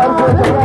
啊。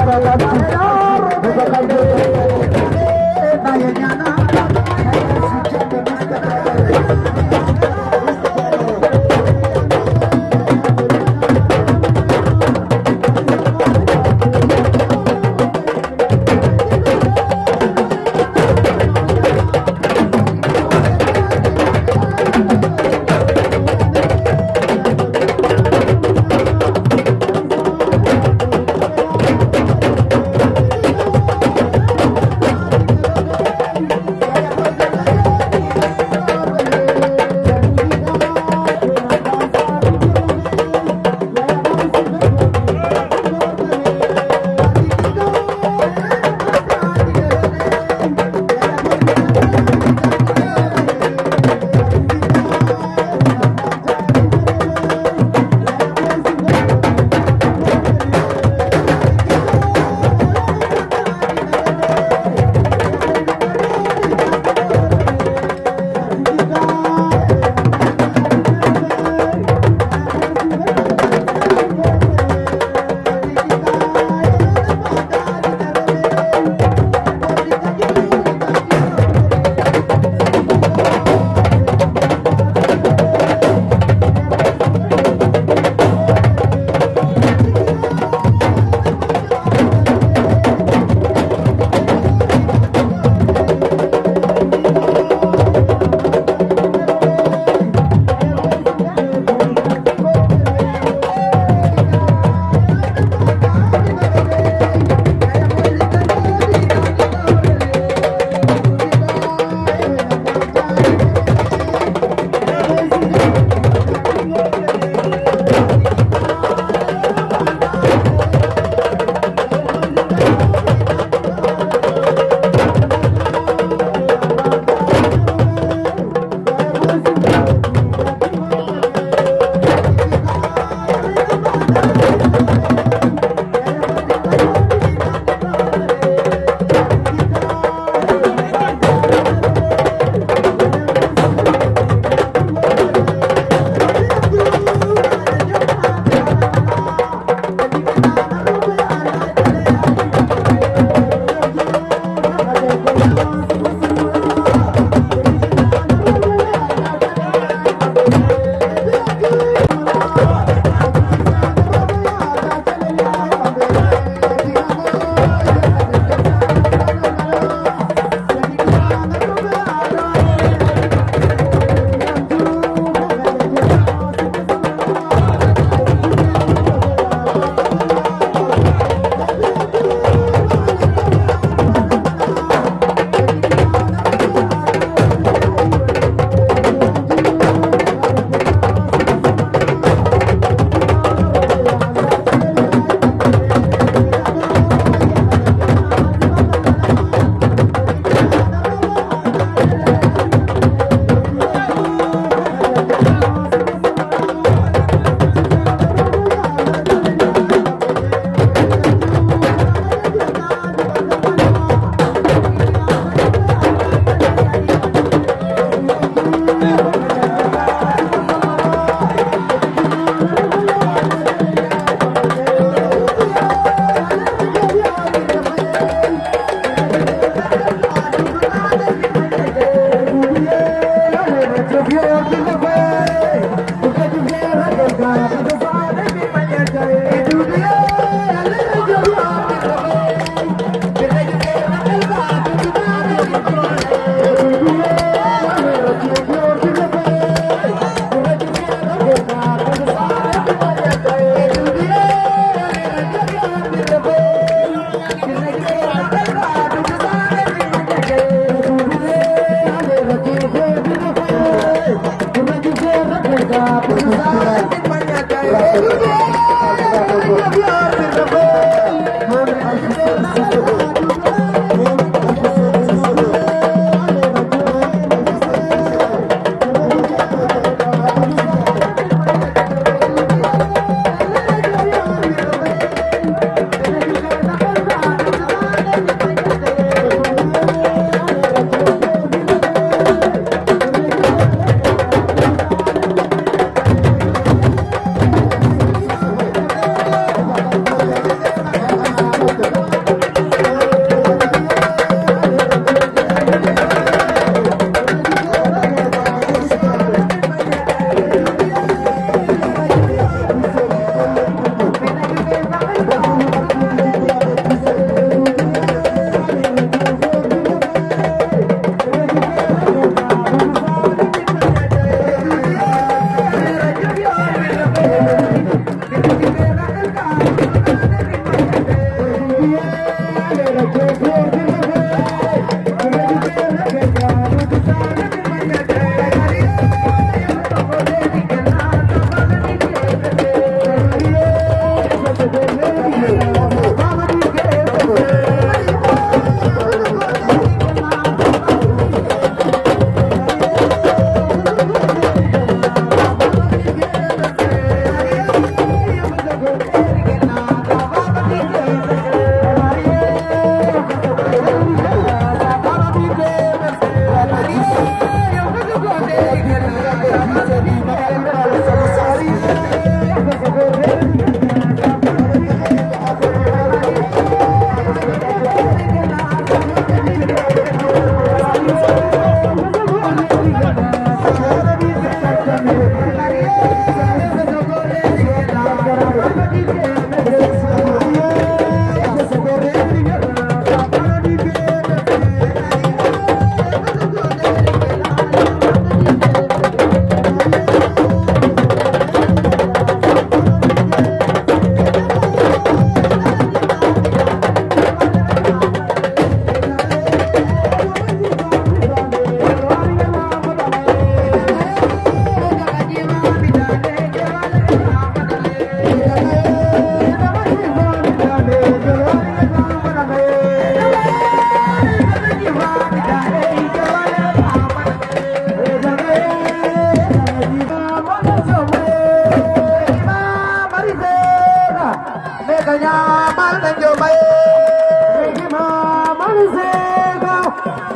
you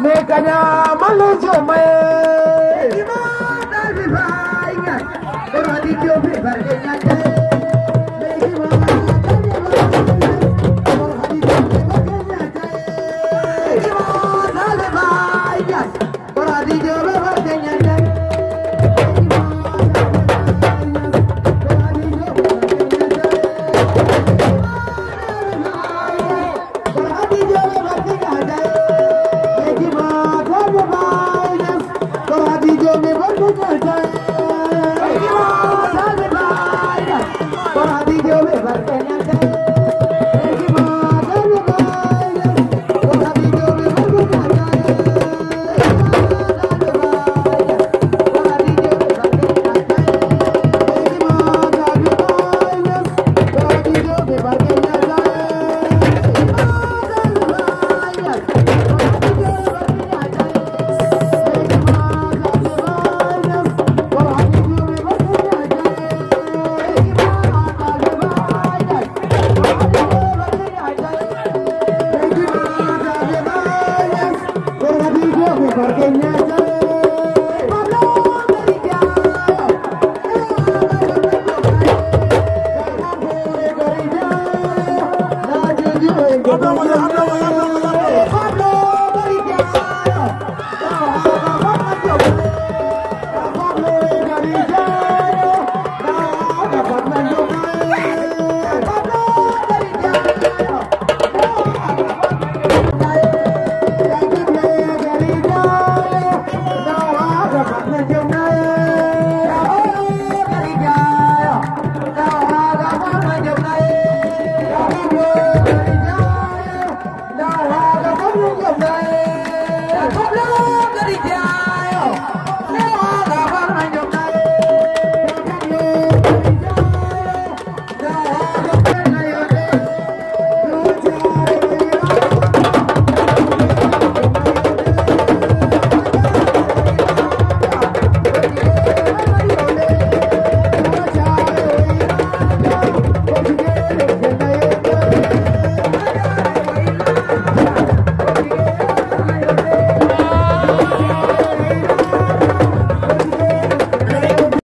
me kaña malo jomay ni mo dal bi fay nga ko ma di jobi barke ñate बरकत तो हरी जो में बरकत